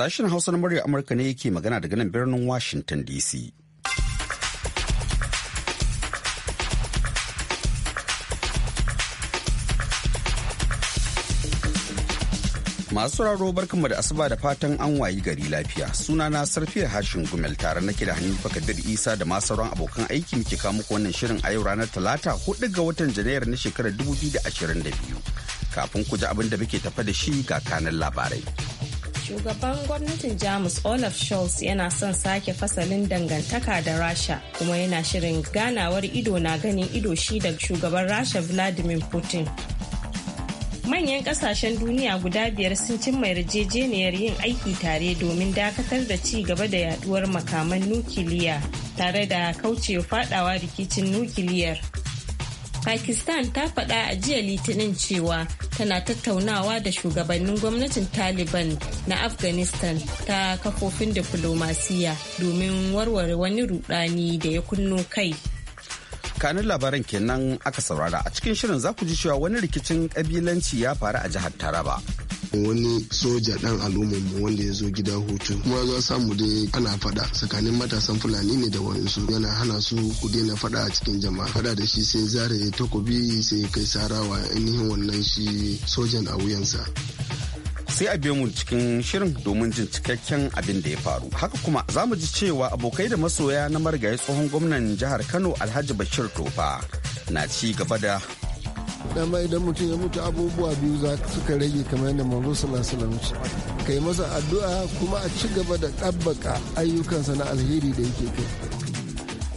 Sashen Hausa na murya Amurka ne yake magana daga nan birnin Washington DC. Masu sauraro barkanmu da asuba da fatan an wayi gari lafiya. suna na sarfiyar Hashin Gumel tare nake da hannun fakadar Isa da masu sauran abokan aiki muke kawo muku wannan shirin a yau ranar Talata 4 ga watan Janairu na shekarar 2022. Kafin ku ji abin da muke tafa da shi ga kanan labarai. Shugaban gwamnatin Jamus Olaf Scholz yana son sake fasalin dangantaka da Rasha kuma yana shirin ganawar ido na ganin ido shi da shugaban Rasha Vladimir Putin. Manyan kasashen duniya guda biyar sun cimma yarjejeniyar yin aiki tare domin dakatar da ci gaba da yaduwar makaman nukiliya tare da kauce fadawa rikicin nukiliyar. Pakistan ta faɗa a jiya Litinin cewa tana tattaunawa da shugabannin gwamnatin Taliban na Afghanistan ta kafofin diplomasiya domin warware wani rudani da ya kunno kai. kanin labaran kenan aka saurara a cikin shirin za ku ji cewa wani rikicin kabilanci ya faru a jihar Taraba wani soja dan al'ummar mu wanda ya zo gida hutu kuma za samu dai ana fada tsakanin matasan fulani ne da wayansu yana hana su ku daina fada a cikin jama'a fada da shi sai zare takobi sai kai sarawa ainihin wannan shi sojan a wuyansa sai a biyo mu cikin shirin domin jin cikakken abin da ya faru haka kuma za mu ji cewa abokai da masoya na marigayi tsohon gwamnan jihar kano alhaji bashir tofa na ci gaba da dama idan mutum ya mutu abubuwa biyu za suka rage kamar yadda manzo sallallahu kai masa addu'a kuma a ci gaba da ɗabbaka ayyukansa na alheri da yake kai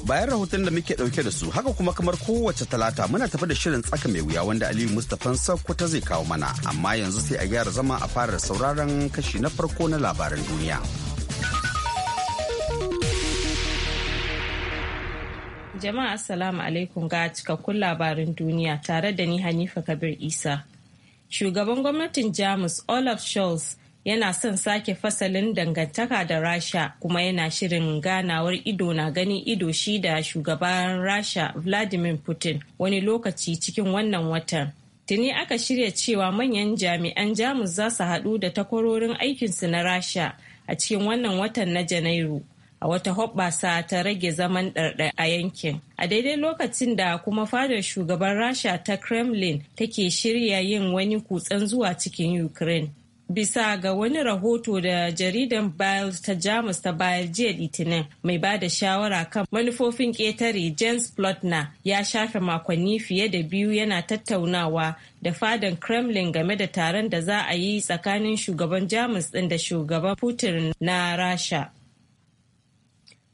bayan rahoton da muke dauke da su haka kuma kamar kowace talata muna tafi da shirin tsaka mai wuya wanda aliyu mustapha sakkwata zai kawo mana amma yanzu sai a gyara zama a fara sauraron kashi na farko na labaran duniya. Jama'a Assalamu alaikum ga cikakkun labarin duniya tare da ni Hanifa Kabir Isa. Shugaban gwamnatin Jamus Olaf Scholz yana son sake fasalin dangantaka da Rasha kuma yana shirin ganawar ido na ganin ido shi da shugaban Rasha Vladimir Putin wani lokaci cikin wannan watan. Tuni aka shirya cewa manyan jami'an Jamus za su haɗu da takwarorin aikinsu na Rasha a cikin wannan watan na Janairu. a wata hoɓɓasa ta rage zaman ɗarɗa a yankin. A daidai lokacin da kuma fadar shugaban Rasha ta Kremlin take shirya yin wani kutsen zuwa cikin Ukraine. Bisa ga wani rahoto da jaridan Biles ta Jamus ta bayar jiya Litinin mai ba da shawara kan manufofin ƙetare James Plotner ya shafe makonni fiye da biyu yana tattaunawa da fadan Kremlin game da taron da za a yi tsakanin shugaban Jamus ɗin da shugaban Putin na Rasha.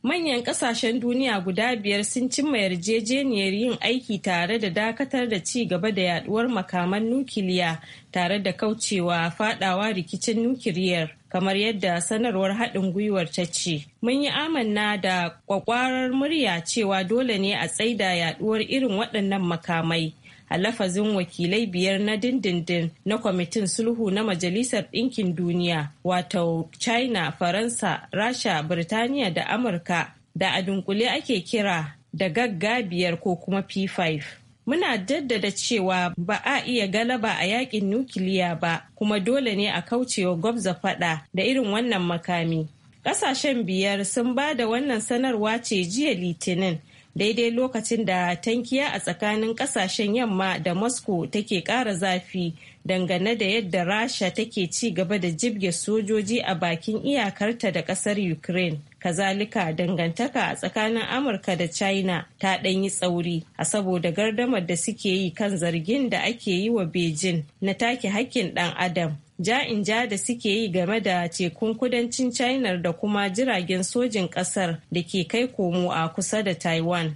manyan kasashen duniya guda biyar sun cimma yarjejeniyar yin aiki tare da dakatar da ci gaba da yaduwar makaman nukiliya tare da kaucewa fadawa rikicin nukiliyar kamar yadda sanarwar haɗin gwiwar ta ce mun yi amanna da kwakwarar murya cewa dole ne a tsaida yaduwar irin waɗannan makamai a lafazin wakilai biyar na dindindin na kwamitin sulhu na majalisar ɗinkin duniya wato china faransa rasha birtaniya da amurka da a dunkule ake kira da gaggabiyar ko kuma p5 muna jaddada cewa ba a iya galaba a yakin nukiliya ba kuma dole ne a kaucewa gwabza fada da irin wannan makami Ƙasashen biyar sun ba da wannan sanarwa ce jiya litinin daidai lokacin da tankiya a tsakanin kasashen yamma da moscow take ƙara zafi dangane da yadda rasha take ci gaba da jibge sojoji a bakin iyakarta da ƙasar ukraine kazalika dangantaka a tsakanin amurka da china ta ɗanyi tsauri a saboda gardamar da suke yi kan zargin da ake yi wa beijing na take hakkin ɗan adam ja in ja da suke yi game da tekun kudancin china da kuma jiragen sojin kasar da ke kai komo a kusa da taiwan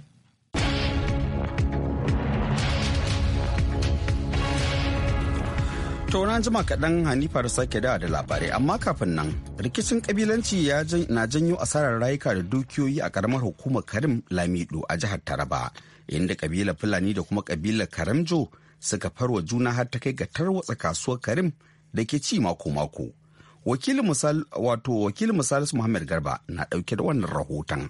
tauna jima kaɗan hanifar sake da da labarai amma kafin nan rikicin kabilanci na janyo asarar rayuka da dukiyoyi a ƙaramar hukumar karim lamido a jihar taraba inda kabilar fulani da kuma kabilar karamjo suka farwa juna har ta kai ga tarwatsa kasuwar karim da ke ci mako-mako. Wakilin wato wakilin misalis Muhammad Garba na ɗauke da wannan rahoton.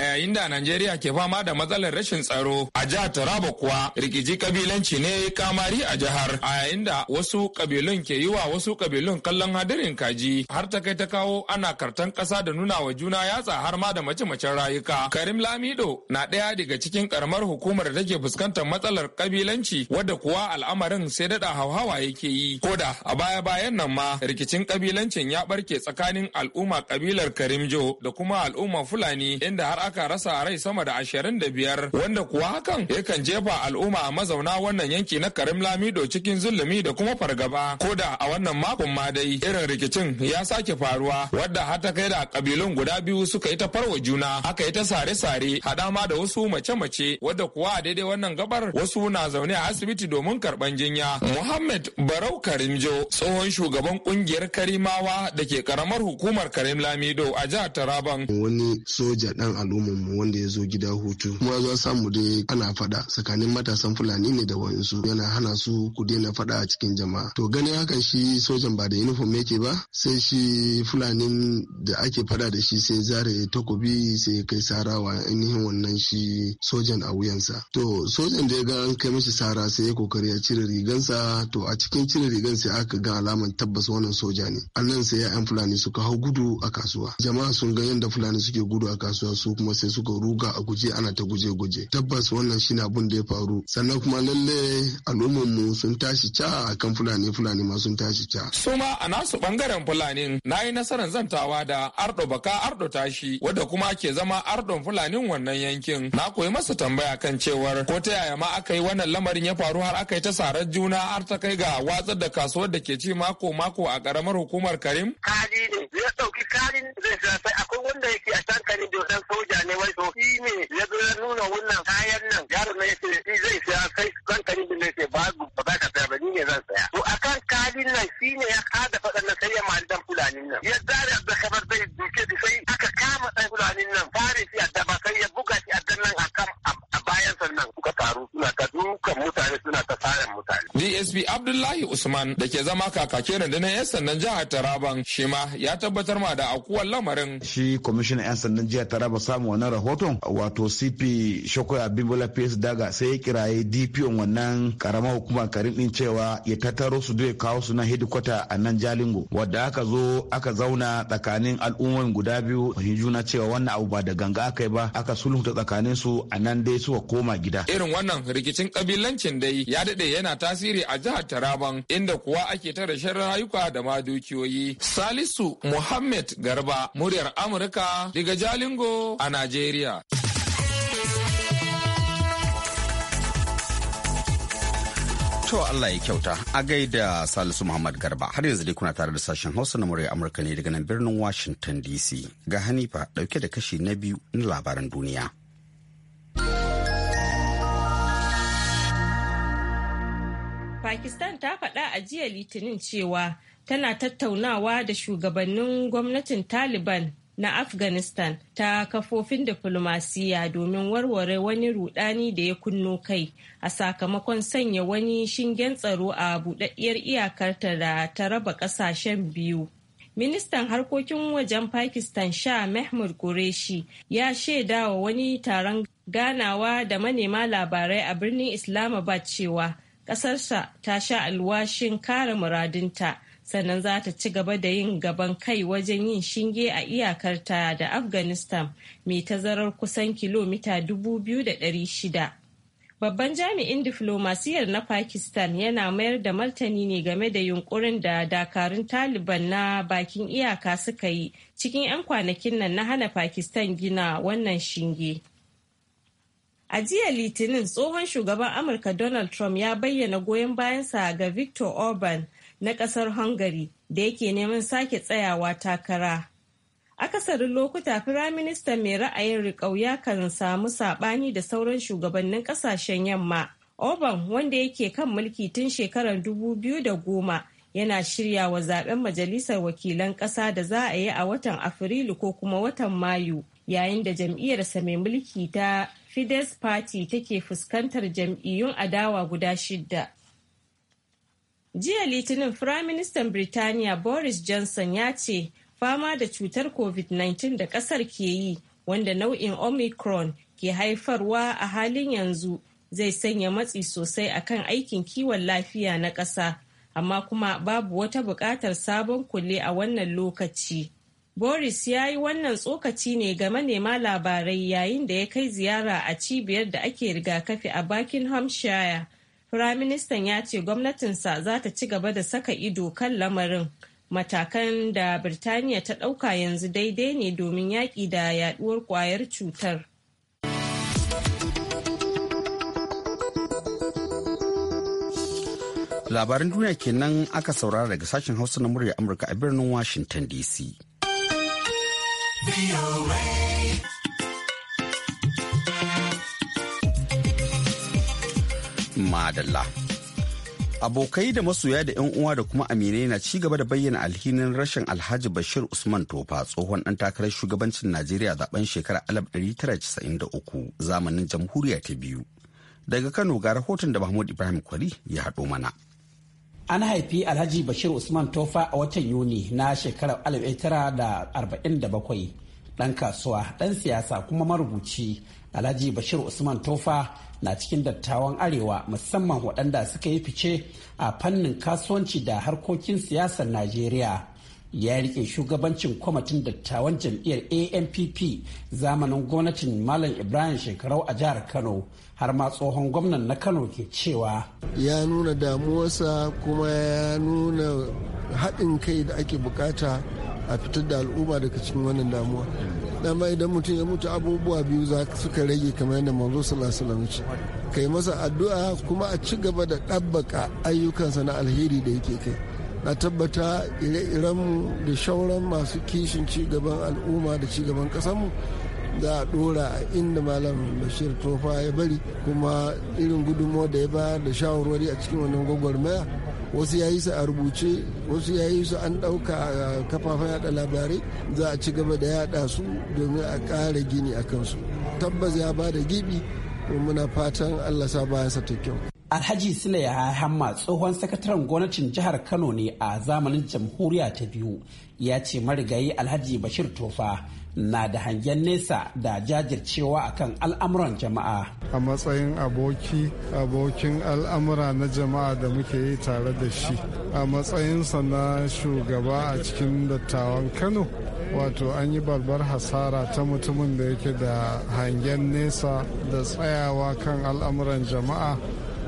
a yayin da Najeriya ke fama da matsalar rashin tsaro a jihar Taraba kuwa rikici kabilanci ne kamari a jihar a yayin da wasu kabilun ke yi wa wasu kabilun kallon hadirin kaji har ta kai ta kawo ana kartan kasa da nuna wa juna yatsa har ma da mace-macen rayuka. Karim Lamido na ɗaya daga cikin karamar hukumar da take fuskantar matsalar kabilanci wadda kuwa al'amarin sai daɗa hauhawa yake yi. Koda a baya-bayan nan ma rikicin kabilancin ya barke tsakanin al'umma kabilar Karimjo da kuma al'umma Fulani inda har aka rasa rai sama da ashirin da biyar wanda kuwa hakan yakan jefa al'umma a mazauna wannan yanki na karim lamido cikin zulumi da kuma fargaba ko da a wannan makon ma dai irin rikicin ya sake faruwa wadda har ta kai da kabilun guda biyu suka yi ta farwa juna aka yi ta sare-sare haɗa ma da wasu mace-mace wadda kuwa a daidai wannan gabar wasu na zaune a asibiti domin karɓan jinya muhammad barau karimjo tsohon shugaban ƙungiyar karimawa da ke karamar hukumar karim lamido a jihar taraban wani soja dan al'umma al'ummar mu wanda ya zo gida hutu kuma za samu dai ana faɗa tsakanin matasan fulani ne da wayansu yana hana su ku daina faɗa a cikin jama'a to ganin hakan shi sojan ba da uniform yake ba sai shi fulanin da ake faɗa da shi sai zare takobi sai kai sarawa ainihin wannan shi sojan a wuyansa to sojan da ya ga an kai mishi sara sai ya kokari ya cire rigansa to a cikin cire rigan sai aka ga alamar tabbas wannan soja ne annan sai yan fulani suka hau gudu a kasuwa jama'a sun ga yadda fulani suke gudu a kasuwa su kuma sai suka ruga a guje ana ta guje-guje tabbas wannan shine abun da ya faru sannan kuma lalle al'ummar mu sun tashi ca kan fulani fulani ma sun tashi ca su ma a nasu bangaren fulani na yi nasarar zantawa da ardo baka ardo tashi wadda kuma ke zama ardon fulanin wannan yankin na koyi masa tambaya kan cewar ko ta yaya ma aka yi wannan lamarin ya faru har aka yi ta sarar juna har ta kai ga watsar da kasuwar da ke ci mako mako a karamar hukumar karim kari ne ya dauki karin zai sai akwai wanda yake a shankari da yaro dan soja ne wai to shi ne ya zo ya nuna wannan kayan nan yaro na yace shi zai saya kai kan kari ne yace ba ba ka saya ba ni ne zan saya to akan kalin nan shi ne ya kada faɗan sai ya mali dan nan ya zara da kamar zai duke da sai mutane. DSP Abdullahi Usman da ke zama kakakin rundunar 'yan sandan jihar Taraban shi ma ya tabbatar ma da akuwar lamarin. Shi kwamishinan 'yan sandan jihar Taraba samu wannan rahoton wato CP Shokoya Bimbola PS Daga sai ya kiraye DPO wannan karamar hukumar Karim din cewa ya tattaro su ya kawo su na hedikwata a nan Jalingo wadda aka zo aka zauna tsakanin al'ummar guda biyu juna cewa wannan abu ba da ganga aka ba aka sulhunta tsakanin su a nan dai suka koma gida. Irin wannan rikicin kabilancin dai ya daɗe yana yana tasiri a jihar Taraban inda kuwa ake ta rashin rayuka da ma dukiyoyi. Salisu Muhammad Garba, muryar Amurka daga Jalingo a Najeriya. To Allah ya kyauta a gaida Salisu Muhammad Garba har yanzu dai kuna tare da sashen Hausa na murya Amurka ne daga nan birnin Washington DC ga Hanifa dauke da kashi na biyu na labaran duniya. Pakistan ta faɗa a jiya Litinin cewa tana tattaunawa da shugabannin gwamnatin Taliban na Afghanistan ta kafofin diflomasiyya domin warware wani rudani da ya kunno kai a sakamakon sanya wani shingen tsaro a buɗaɗɗiyar iyakarta da ta raba ƙasashen biyu. ministan harkokin wajen pakistan shah mahmud qureshi ya shaidawa wani taron ganawa da manema labarai a birnin islamabad cewa kasarsa ta sha alwashin kare muradinta sannan za ta ci gaba da yin gaban kai wajen yin shinge a iyakarta da afghanistan mai tazarar kusan kilomita 2,600 babban jami'in diflomasiyyar na pakistan yana mayar da martani ne game da yunkurin da dakarun taliban na bakin iyaka suka yi cikin 'yan kwanakin nan na hana pakistan gina wannan shinge A jiya Litinin tsohon shugaban Amurka Donald Trump ya bayyana goyon bayansa ga Victor Orban na kasar Hungary da yake neman sake tsayawa takara. Akasarin lokuta firaminista mai ra'ayin riƙau ya kan samu saɓani da sauran shugabannin ƙasashen yamma. Orban wanda yake kan mulki tun shekarar 2010 yana shirya wa zaben majalisar wakilan ƙasa da za a yi a watan Afrilu ko kuma watan Mayu. yayin da jam'iyyarsa mai mulki ta Fidesz Party take fuskantar jam'iyyun adawa guda shidda. Jiya Litinin Firaministan Birtaniya Boris Johnson ya ce fama da cutar COVID-19 da ƙasar ke yi wanda nau'in Omicron ke haifarwa a halin yanzu zai sanya matsi sosai akan aikin kiwon lafiya na ƙasa, amma kuma babu wata buƙatar sabon kulle a wannan lokaci. Boris ya yi wannan tsokaci ne ga manema labarai yayin da ya kai ziyara a cibiyar da ake rigakafi a Buckinghamshire. Firaministan ya ce gwamnatinsa za ta ci gaba da saka ido kan lamarin. Matakan da Birtaniya ta ɗauka yanzu daidai ne domin yaƙi da yaɗuwar ƙwayar cutar. Labarin duniya kenan aka saurara daga sashen Hausa na murya Amurka a birnin Washington DC. Madalla. Abokai da masoya da 'yan uwa da kuma aminai na ci gaba da bayyana alhinin rashin Alhaji Bashir Usman Tofa tsohon ɗan takarar shugabancin Najeriya zaben shekarar 1993 zamanin jamhuriya ta biyu. Daga Kano ga rahoton da Mahmud Ibrahim Kwari ya haɗo mana. An haifi Alhaji Bashir Usman Tofa a watan Yuni na shekarar 1947 Dan kasuwa, Dan siyasa kuma marubuci. Alhaji Bashir Usman Tofa na cikin dattawan Arewa musamman waɗanda suka yi fice a fannin kasuwanci da harkokin siyasar Najeriya. ya rike shugabancin kwamitin dattawan jam'iyyar anpp zamanin gwamnatin malam ibrahim shekarau a jihar kano har ma tsohon gwamnan na kano ke cewa ya nuna damuwarsa kuma ya nuna haɗin kai da ake bukata a fitar da al'umma daga cikin wannan damuwa dama idan mutum ya mutu abubuwa biyu za suka rage kamar yadda manzo sallallahu ce kai masa addu'a kuma a ci gaba da ɗabbaka ayyukansa na alheri da yake kai na tabbata ire-irenmu da shauran masu kishin cigaban al'umma da cigaban ƙasarmu za a dora a inda malam bashir tofa ya bari kuma irin gudunmawa da ya ba da shawarwari a cikin wannan gwagwarmaya wasu ya yi su a rubuce wasu ya yi su an ɗauka a kafafen yada labarai za a ci gaba da yada su domin a ƙara gini a kansu tabbas ya ba da gibi muna fatan allah sa bayansa ta kyau Alhaji Sule ya Hamma tsohon sakataren gwamnatin jihar Kano ne a zamanin jamhuriya ta biyu ya ce marigayi Alhaji Bashir Tofa na da hangen nesa da jajircewa akan al'amuran jama'a. A matsayin aboki, abokin al'amura na jama'a da muke yi tare da shi. A matsayinsa na shugaba a cikin dattawan Kano, wato an yi barbar hasara ta mutumin da yake da hangen nesa da tsayawa kan al'amuran jama'a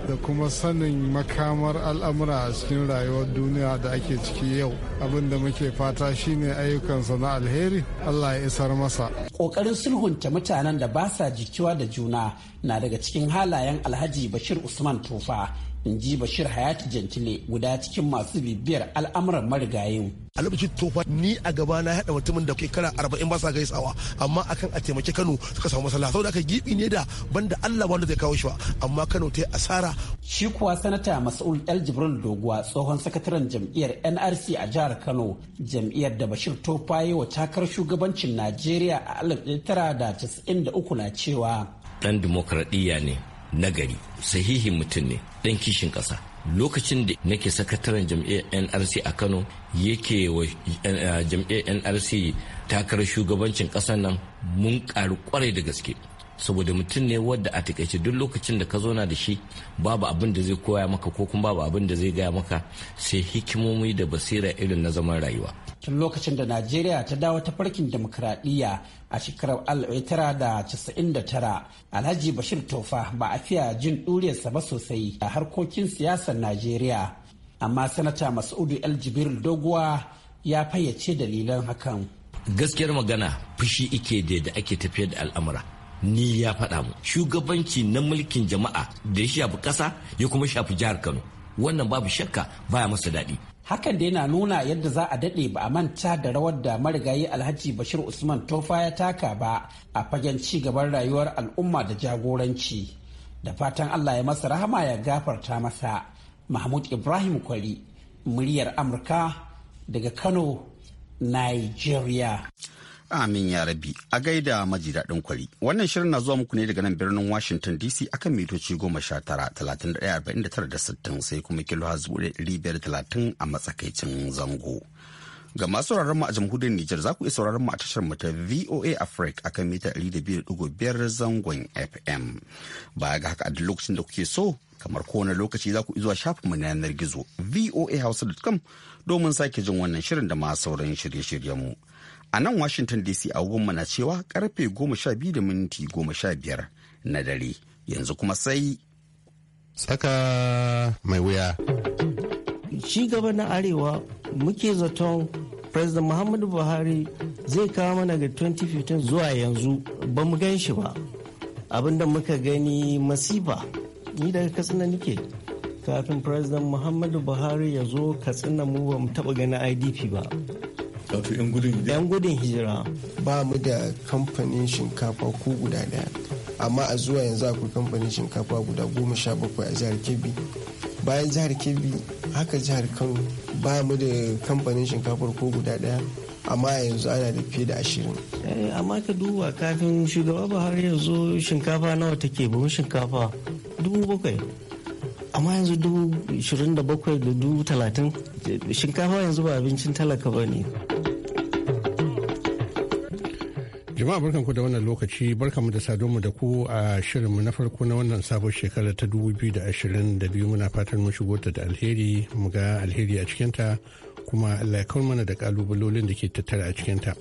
da kuma sanin makamar al'amura a cikin rayuwar duniya da ake ciki yau abin da muke fata shine ayyukansa na alheri allah ya isar masa ƙoƙarin sulhunta mutanen da ba sa jikiwa da juna na daga cikin halayen alhaji bashir usman tufa in ji bashir hayati jantile guda cikin masu bibiyar al'amuran marigayen a lokacin tofa ni a gaba na haɗa mutumin da kara arba'in ba sa gaisawa amma akan a taimaki kano suka samu masala saboda aka gibi ne da banda allah wanda zai kawo shi ba amma kano ta yi asara shi kuwa sanata mas'ul el jibril doguwa tsohon sakataren jam'iyyar nrc a jihar kano jam'iyyar da bashir tofa yi wa takar shugabancin najeriya a alif da uku na cewa dan dimokuraɗiyya ne nagari sahihin mutum ne ɗan kishin ƙasa lokacin da nake sakataren jam'iyyar nrc a kano yake wa eh, jam'iyyar nrc takarar shugabancin ƙasar nan mun ƙaru kwarai da gaske saboda mutum ne wadda a takaice duk lokacin da ka zauna da shi babu abin da zai koya maka ko kuma babu abin da zai gaya maka sai hikimomi da basira irin na zaman rayuwa tun lokacin da najeriya ta dawo ta farkin demokradiyya a shekarar 1999 alhaji bashir tofa ba a fiya jin ɗuriyarsa ba sosai a harkokin siyasar najeriya amma sanata masudu el jibir doguwa ya fayyace dalilan hakan gaskiyar magana fushi ike da da ake tafiyar da al'amura ni ya faɗa mu shugabanci na mulkin jama'a da ya shafi ƙasa ya kuma shafi jihar kano wannan babu shakka baya masa daɗi hakan dai na nuna yadda za a daɗe ba a manta da rawar da marigayi alhaji bashir usman tofa ya taka ba a fagen ci gaban rayuwar al'umma da jagoranci da fatan allah ya masa rahama ya gafarta masa mahmud ibrahim kwari muryar amurka daga kano nigeria Amin ya rabi a gaida maji daɗin kwari. Wannan shirin na zuwa muku ne daga nan birnin Washington DC akan mitoci goma sha tara talatin da arba'in da tara da sittin sai kuma kilo ha zuwa ɗari biyar talatin a matsakaicin zango. Ga masu sauraron mu a jamhuriyar Nijar za ku iya sauraron mu a tashar mu ta VOA Africa akan mita ɗari biyar ɗigo biyar zangon FM. Baya ga haka a duk lokacin da kuke so kamar kowane lokaci za ku zuwa mu na yanar gizo voa voahausa.com domin sake jin wannan shirin da ma sauran shirye shiryen mu. a nan washington dc agogonmu na cewa karfe 12 da minti 15 na dare yanzu kuma sai tsaka mai wuya ci gaba na arewa muke zaton president muhammadu buhari zai kawo mana ga 2015 zuwa yanzu ba mu gan shi ba abinda muka gani masifa ni daga katsina nike kafin president muhammadu buhari ya zo katsina mu ba mu taba ganin idp ba wato yan gudun hijira yan gudun hijira ba mu da kamfanin shinkafa ko guda daya amma a zuwa yanzu akwai kamfanin shinkafa guda goma sha bakwai a jihar kebbi bayan jihar kebbi haka jihar kano ba mu da kamfanin shinkafa ko guda daya amma yanzu ana da fiye da ashirin. Eh, amma ka duba kafin shugaba ba yanzu yanzu shinkafa nawa take buhun shinkafa dubu bakwai amma yanzu dubu ishirin da bakwai da dubu talatin shinkafa yanzu ba abincin talaka ba ne jama'a barkan ku da wannan lokaci barkanmu da mu da ku a shirinmu na farko na wannan sabon shekara ta 2022 muna fatan mu shigo ta da alheri mu ga alheri a cikinta kuma allah ya mana da kalubalolin da ke tattara a cikinta.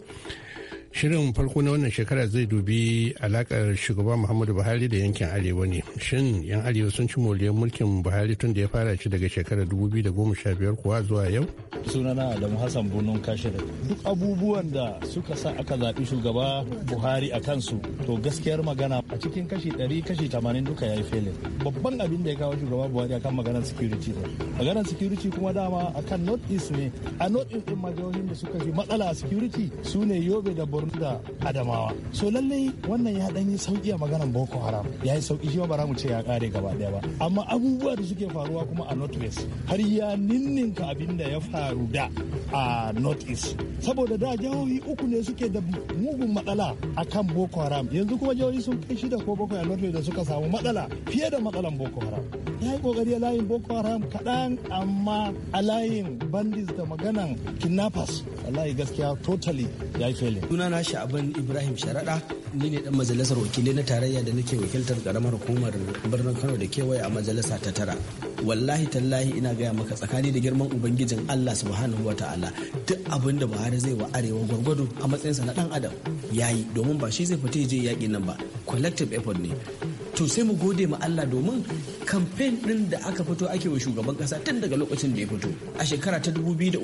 shirin farko na wannan shekara zai dubi alakar shugaba muhammadu buhari da yankin arewa ne shin yan arewa sun ci moliyar mulkin buhari tun da ya fara shi daga shekarar 2015 kuwa zuwa yau sunana adamu hassan bunun kashir duk abubuwan da suka sa aka zaɓi shugaba buhari a kansu to gaskiyar magana a cikin kashi 100 kashi 80 duka ya yi felin babban abin da ya kawo shugaba buhari akan maganar security ne maganar security kuma dama akan north east ne a north east din majiyoyin da suka fi matsala a security su ne yobe da borno da adamawa so lallai wannan ya yi sauki a maganar boko haram ya yi sauki shi ba bara mu ce ya kare gaba daya ba amma abubuwa da suke faruwa kuma a north west har ya ninninka abin da ya faru da a north east saboda da jihohi uku ne suke da mugun matsala a kan boko haram yanzu kuma jihohi sun kai shida ko bakwai a north west da suka samu matsala fiye da matsalan boko haram ya yi kokari a layin boko haram kaɗan amma a layin bandits da maganan kidnappers wallahi gaskiya totally ya yi failing suna na sha'aban ibrahim sharaɗa ni ne dan majalisar wakilai na tarayya da nake wakiltar karamar hukumar birnin kano da kewaye a majalisa ta tara wallahi tallahi ina gaya maka tsakani da girman ubangijin allah subhanahu wa ta'ala duk abin da buhari zai wa arewa gwargwado a matsayinsa na dan adam yayi domin ba shi zai fita je yaƙi nan ba collective effort ne to sai mu gode ma Allah domin kamfen din da aka fito ake wa shugaban kasa tun daga lokacin da ya fito a shekara ta 2003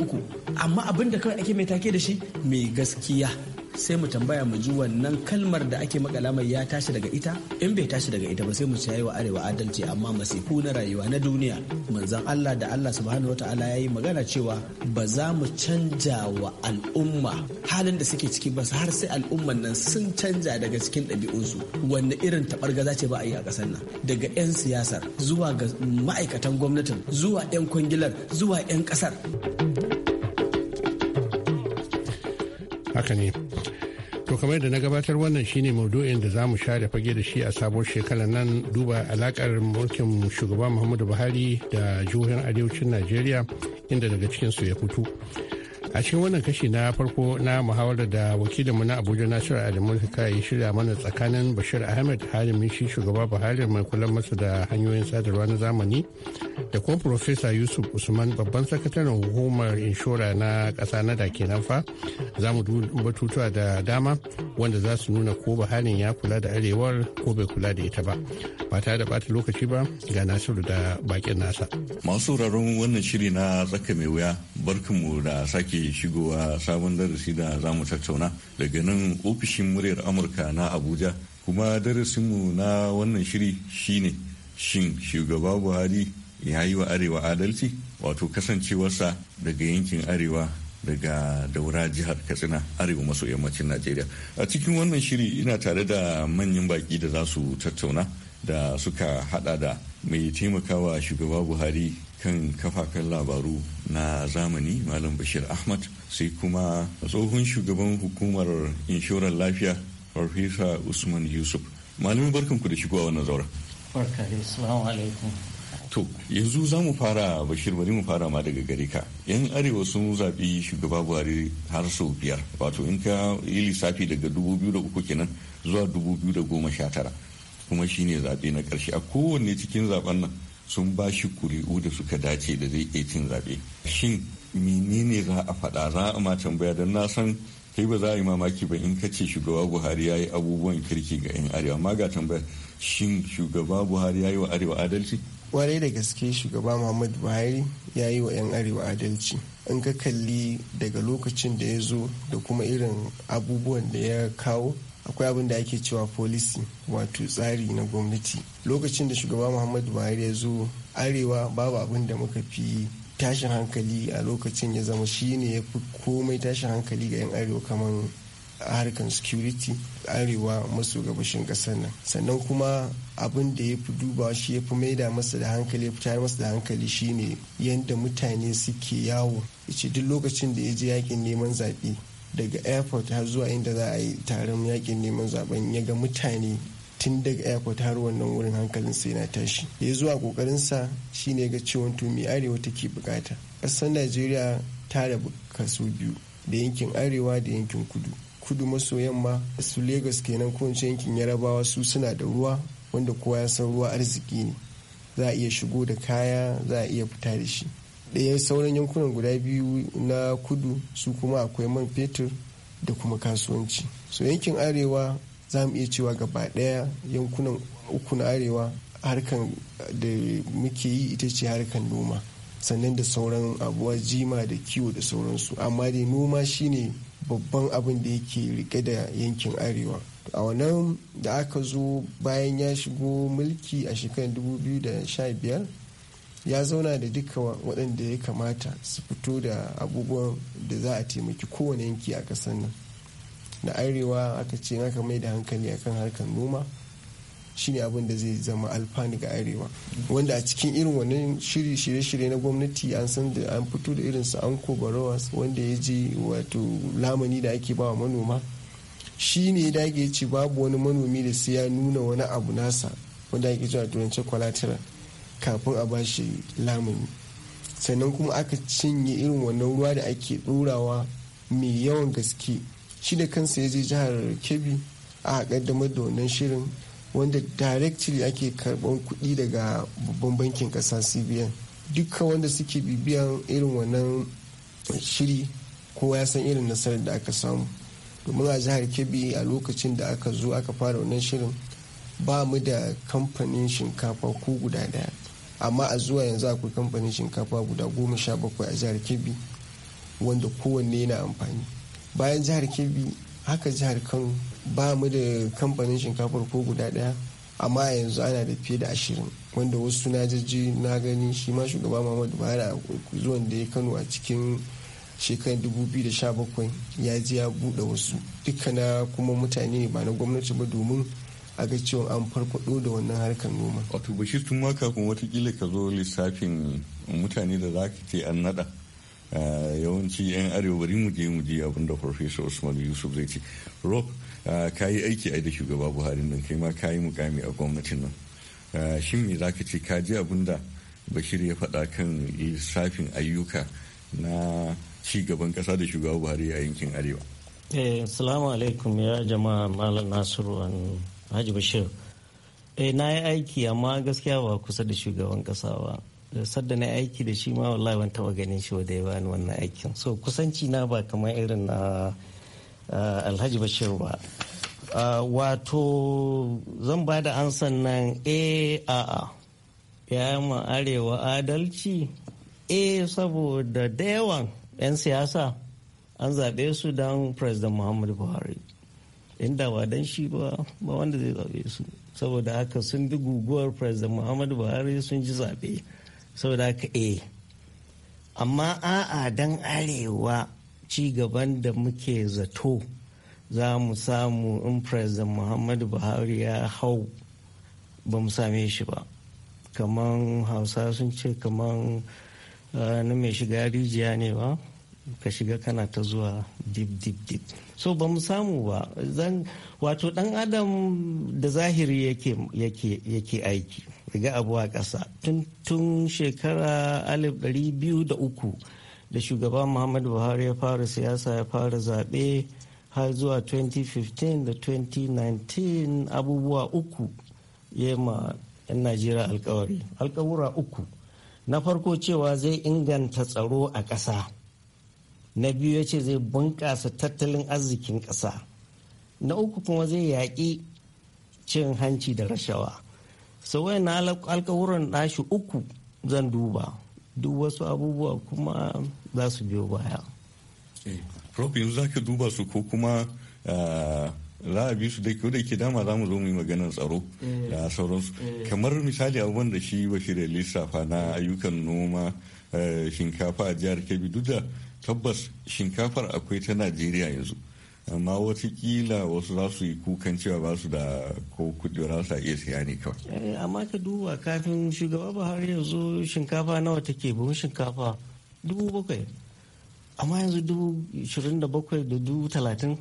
amma abin da kawai ake mai take da shi mai gaskiya sai mu tambaya mu ji wannan kalmar da ake makala mai ya tashi daga ita in bai tashi daga ita ba sai mu ci wa arewa adalci amma masifu na rayuwa na duniya manzon Allah da Allah subhanahu wataala yi magana cewa ba za mu canja wa al'umma halin da suke ciki ba har sai al'umman nan sun canja daga cikin ɗabi'unsu wanne irin za ce ba a yi a ƙasar nan daga 'yan siyasar zuwa ga ma'aikatan gwamnatin zuwa 'yan kwangilar zuwa 'yan ƙasar. haka ne to kamar da na gabatar wannan shine maudu'in da za mu share fage da shi a sabon shekarar nan duba alakar mulkin shugaba muhammadu buhari da jihohin arewacin najeriya inda daga cikinsu ya fito a cikin wannan kashi na farko na muhawarar da wakilinmu na abuja nasiru adamu hika ya shirya mana tsakanin bashir ahmed halimin shi shugaba buhari mai kula masa da hanyoyin sadarwa na zamani da kuma profesa yusuf usman babban sakataren hukumar inshora na kasa na da kenan fa za mu batutuwa da dama wanda za su nuna ko buharin ya kula da arewar ko bai kula da ita ba ba tare da bata lokaci ba ga nasiru da bakin nasa masu sauraron wannan shiri na tsaka mai wuya barkanmu da sake sake shigowa sabon darasi da za mu tattauna daga nan ofishin muryar amurka na abuja kuma darasinmu na wannan shiri shine shin shugaba buhari ya yi wa arewa adalci wato kasancewarsa daga yankin arewa daga daura jihar katsina arewa maso yammacin najeriya a cikin wannan shiri ina tare da manyan baki da za su tattauna da suka hada da mai taimakawa shugaba buhari kan kafafen labaru na zamani malam bashir ahmad sai kuma tsohon shugaban hukumar inshorar lafiya farfesa usman yusuf malamin barkan ku da shigowa wannan zaura to yanzu za mu fara bashir bari mu fara ma daga gare ka yan arewa sun zaɓi shugaba buhari har sau biyar wato in ka yi lissafi daga 2003 kenan zuwa goma sha tara kuma shine zaɓe na ƙarshe a kowanne cikin zaɓen nan sun ba shi kuri'u da suka dace da zai iya cin zaɓe shin menene za a faɗa za a ma tambaya don na san kai ba za a yi mamaki ba in ka ce shugaba buhari ya yi abubuwan kirki ga 'yan arewa amma ga tambayar shin shugaba buhari ya yi wa arewa adalci kwarai da gaske shugaba muhammad buhari ya yi wa 'yan arewa adalci in ka kalli daga lokacin da ya zo da kuma irin abubuwan da ya kawo akwai abin da ake cewa policy wato tsari na gwamnati lokacin da shugaba muhammadu buhari ya zo arewa babu abin da muka fi tashin hankali a lokacin ya zama shine ya fi komai tashin hankali ga 'yan arewa kamar harkan security arewa maso gabashin kasar nan sannan kuma abin da ya fi duba shi ya fi maida masa da hankali ya fi tayar masa da hankali shine yadda mutane suke yawo ce duk lokacin da ya je yakin neman zaɓe daga airport har zuwa inda za a yi taron yakin neman zaben ya ga mutane tun daga airport har wannan wurin hankalin sai na tashi ya zuwa sa shine ga ciwon tumi arewa take bukata ƙasar najeriya ta rabu kaso biyu da yankin arewa da yankin kudu kudu maso yamma su lagos kenan ko yankin yarabawa su suna da ruwa wanda kowa ya san ruwa arziki ne za a iya shigo da kaya za a iya fita da shi ɗaya sauran yankunan guda biyu na kudu su kuma akwai man fetur da kuma kasuwanci so yankin arewa za mu iya cewa gaba ɗaya yankunan uku na arewa harkan da muke yi ita ce harkan noma sannan da sauran abuwa jima da kiwo da sauransu amma dai noma shine babban abin da yake rike da yankin arewa a wannan da aka zo bayan ya shigo mulki a shekarar 2015 ya zauna da duka waɗanda ya kamata su fito da abubuwan da za a taimaki kowane yanki a ƙasar nan na arewa aka ce naka mai da hankali akan harkar noma shine abin da zai zama alfani ga arewa wanda a cikin irin wannan shiri shirye-shirye na gwamnati an san da an fito da irin su anko barawas wanda ya je wato lamani da ake bawa manoma shi ne ya dage ce babu wani manomi da sai ya nuna wani abu nasa wanda ake cewa turanci collateral kafin a ba shi lamuni sannan kuma aka cinye irin wannan ruwa da ake ɗorawa mai yawan gaske shi da kansa ya je jihar kebbi a kaddamar da wannan shirin wanda directly ake karban kuɗi daga babban bankin ƙasa cbn dukkan wanda suke bibiyan irin wannan shiri kowa ya san irin nasarar da aka samu domin a jihar kebbi a lokacin da aka zo aka fara wannan shirin ba mu da kamfanin shinkafa ko guda daya amma a zuwa yanzu akwai kamfanin shinkafa guda goma sha bakwai a jihar kebbi wanda kowanne yana amfani bayan jihar kebbi haka jihar kano ba mu da kamfanin shinkafar ko guda daya amma yanzu ana da fiye da ashirin wanda wasu na jajji na gani shi ma shugaba muhammadu buhari a zuwan da ya kano a cikin shekarar 2017 ya ji ya buɗe wasu dukkana kuma mutane ba na gwamnati ba domin a ga cewa an farfado da wannan harkar noma. Wato Bashir tun ma kafin watakila ka zo lissafin mutane da za ka ce an nada eh, yawanci 'yan arewa bari mu je mu je abin da Farfesa Usman Yusuf zai ce. Rob eh, ka yi aiki a da shugaba Buhari nan kai ma ka yi mukami a gwamnatin nan. Eh, shin me za ka ce ka je abin da Bashir ya faɗa kan lissafin ayyuka na ci gaban ƙasa da shugaba Buhari a yankin arewa. Eh, salamu alaikum ya jama'a Malam Nasiru Haji Bashir. Eh na yi aiki amma gaskiya ba kusa da shugaban kasa ba. Sadda na aiki da shi ma wallahi ban taba ganin shi da ya bani wannan aikin. So kusanci na ba kamar irin na eh, Alhaji Bashir ba. Ah, wato zan ba da ansan nan eh a'a ya ma arewa adalci eh saboda da yawan 'yan siyasa an zaɓe su don president muhammadu buhari inda ba dan shi ba ba wanda zai zaɓe su saboda haka sun bi guguwar president muhammadu buhari sun ji zaɓe saboda haka eh amma a'a dan arewa ci gaban da muke zato za mu samu in president muhammadu buhari ya hau ba mu same shi ba kamar hausa sun ce kamar ah, na mai shiga rijiya ne ba ka shiga kana ta zuwa dip dip dip so ba mu samu ba zan wato dan adam da zahiri yake aiki riga abu a ƙasa tun tun shekara 2003 da shugaba muhammadu buhari ya fara siyasa ya fara zaɓe har zuwa 2015 da 2019 abubuwa uku ya ma 'yan najeriya alkawari alkawura uku na farko cewa zai inganta tsaro a ƙasa na biyu ya ce zai bunƙasa tattalin arzikin ƙasa na uku kuma zai yaƙi cin hanci da rashawa sau na alkawuran nashi uku zan duba duk wasu abubuwa kuma za su biyo baya eh, prof yanzu za ka duba su ko kuma ah, za a bi su da kyau da ke dama za mu zo mu yi maganar tsaro eh, da sauransu eh. kamar misali abubuwan da shi shirya lissafa na ayyukan noma shinkafa a jihar kebbi duk da tabbas shinkafar akwai ta najeriya yanzu amma watakila wasu za su yi kukan cewa ba su da ko kudi ba su iya siya ne kawai eh, amma ka duba kafin shugaba buhari yanzu shinkafa nawa take buhun shinkafa dubu bakwai amma yanzu dubu ishirin da bakwai da dubu talatin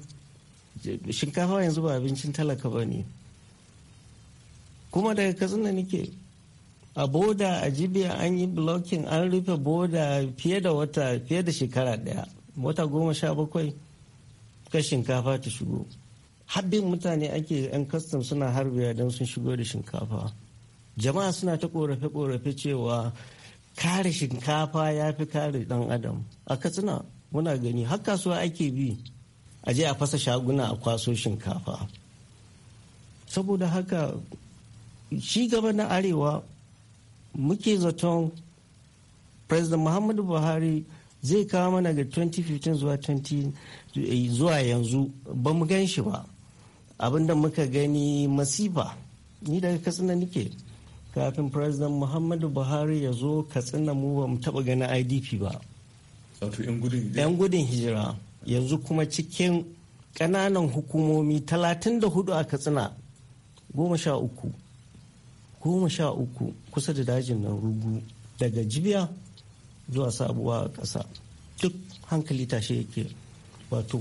shinkafa yanzu ba abincin talaka ba ne kuma daga katsina nake a boda a jibiya an yi blocking an rufe boda fiye da wata fiye da shekara daya wata goma sha bakwai ka shinkafa ta shigo habbin mutane ake yan kastam suna harbiya don sun shigo da shinkafa jama'a suna ta korafe-korafe cewa kare shinkafa ya fi kare dan adam a katsina muna gani har kasuwa ake bi a je a fasa shaguna a kwaso shinkafa saboda haka shi gaba na arewa muke zaton president muhammadu buhari zai kawo mana ga 2015 zuwa 20 eh, zuwa yanzu ba mu gan shi ba abinda muka gani masifa ni daga katsina nike kafin president muhammadu buhari ya zo katsina mu ba mu taba gani idp ba yan gudun hijira yanzu kuma cikin kananan hukumomi 34 a katsina 13 goma sha uku kusa da dajin nan rugu daga jibiya zuwa sabuwa a ƙasa duk hankali tashe yake wato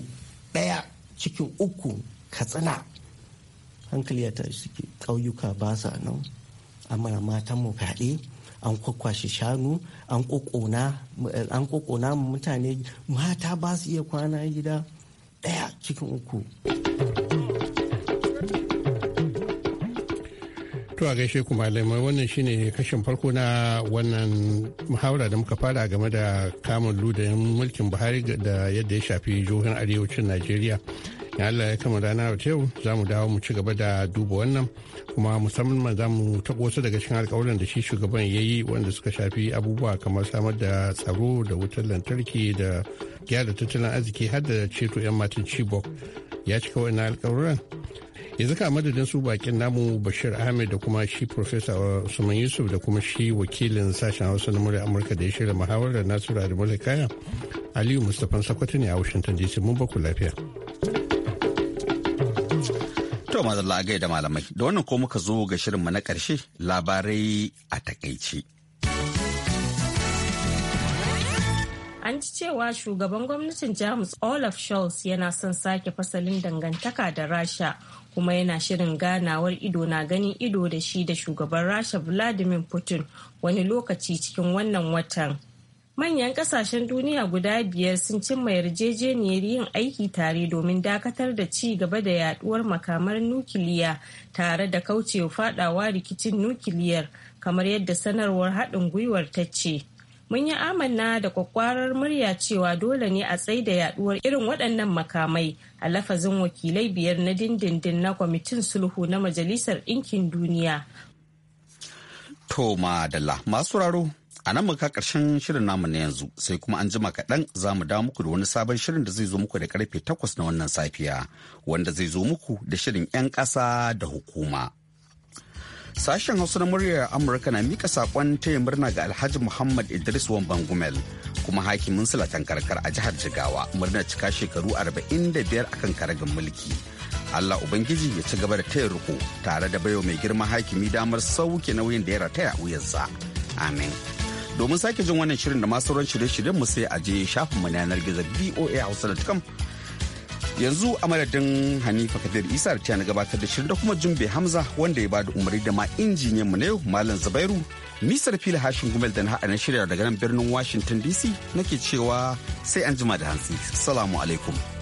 ɗaya cikin uku katsina hankali ya tashi suke ƙauyuka ba sa nan amma matan mu fyaɗe an kwakwashe shanu an kokona mutane mata ba su iya kwana gida ɗaya cikin uku. To a gaishe ku malamai wannan shine kashin farko na wannan muhawara da muka fara game da kamun ludayen mulkin Buhari da yadda ya shafi jihohin arewacin Najeriya. Ya Allah ya kama rana wata yau za mu dawo mu ci gaba da duba wannan kuma musamman za mu taɓa wasu daga cikin alkawarin da shi shugaban ya yi wanda suka shafi abubuwa kamar samar da tsaro da wutar lantarki da gyara tattalin arziki har da ceto 'yan matan Chibok. Ya cika wannan alkawuran yanzu ka madadin su bakin namu bashir ahmed da kuma shi profesa usman yusuf da kuma shi wakilin sashen hausa na murya amurka da ya shirya muhawarar nasiru mulai kaya aliyu mustapha sakwato ne a washington dc mun baku lafiya to mazalla da malamai da wannan ko muka zo ga mu na karshe labarai a takaici an ci cewa shugaban gwamnatin jamus olaf scholz yana son sake fasalin dangantaka da rasha kuma yana shirin ganawar ido na ganin ido da shi da shugaban rasha vladimir putin wani lokaci cikin wannan watan manyan kasashen duniya guda biyar sun cimma yarjejeniyar yin aiki tare domin dakatar da ci gaba da yaduwar makamar nukiliya tare da kaucewa fadawa rikicin nukiliyar kamar yadda sanarwar haɗin gwiwar ta ce mun yi amanna da kwakwarar murya cewa dole ne a tsai da yaduwar irin waɗannan makamai a lafazin wakilai biyar na dindindin na kwamitin sulhu na majalisar ɗinkin duniya. To madalla masu raro a nan muka karshen shirin namu na yanzu sai kuma an jima kaɗan za mu dawo muku da wani sabon shirin da zai zo muku da karfe takwas na wannan safiya wanda zai zo muku da shirin 'yan ƙasa da hukuma. Sashen Hausa na muryar Amurka na mika saƙon taya murna ga Alhaji Muhammad Idris Wamban Gumel kuma hakimin sulatan karkar a jihar Jigawa murnar cika shekaru 45 akan karagan mulki. Allah Ubangiji ya ci gaba da taya riko tare da baiwa mai girma hakimi damar sauke nauyin da ya rataya a wuyarsa. Amin. Domin sake jin wannan shirin da masu sauran shirye-shiryen mu sai a je shafin mu na yanar gizo hausa.com yanzu a madadin hanifa kadir isa da na gabatar da shirin da kuma jumbe hamza wanda ya bada umarni da ma injiniyan mu na yau malam zubairu nisar fili hashin gumel da na na shirya daga nan birnin washington dc nake cewa sai an jima da hantsi salamu alaikum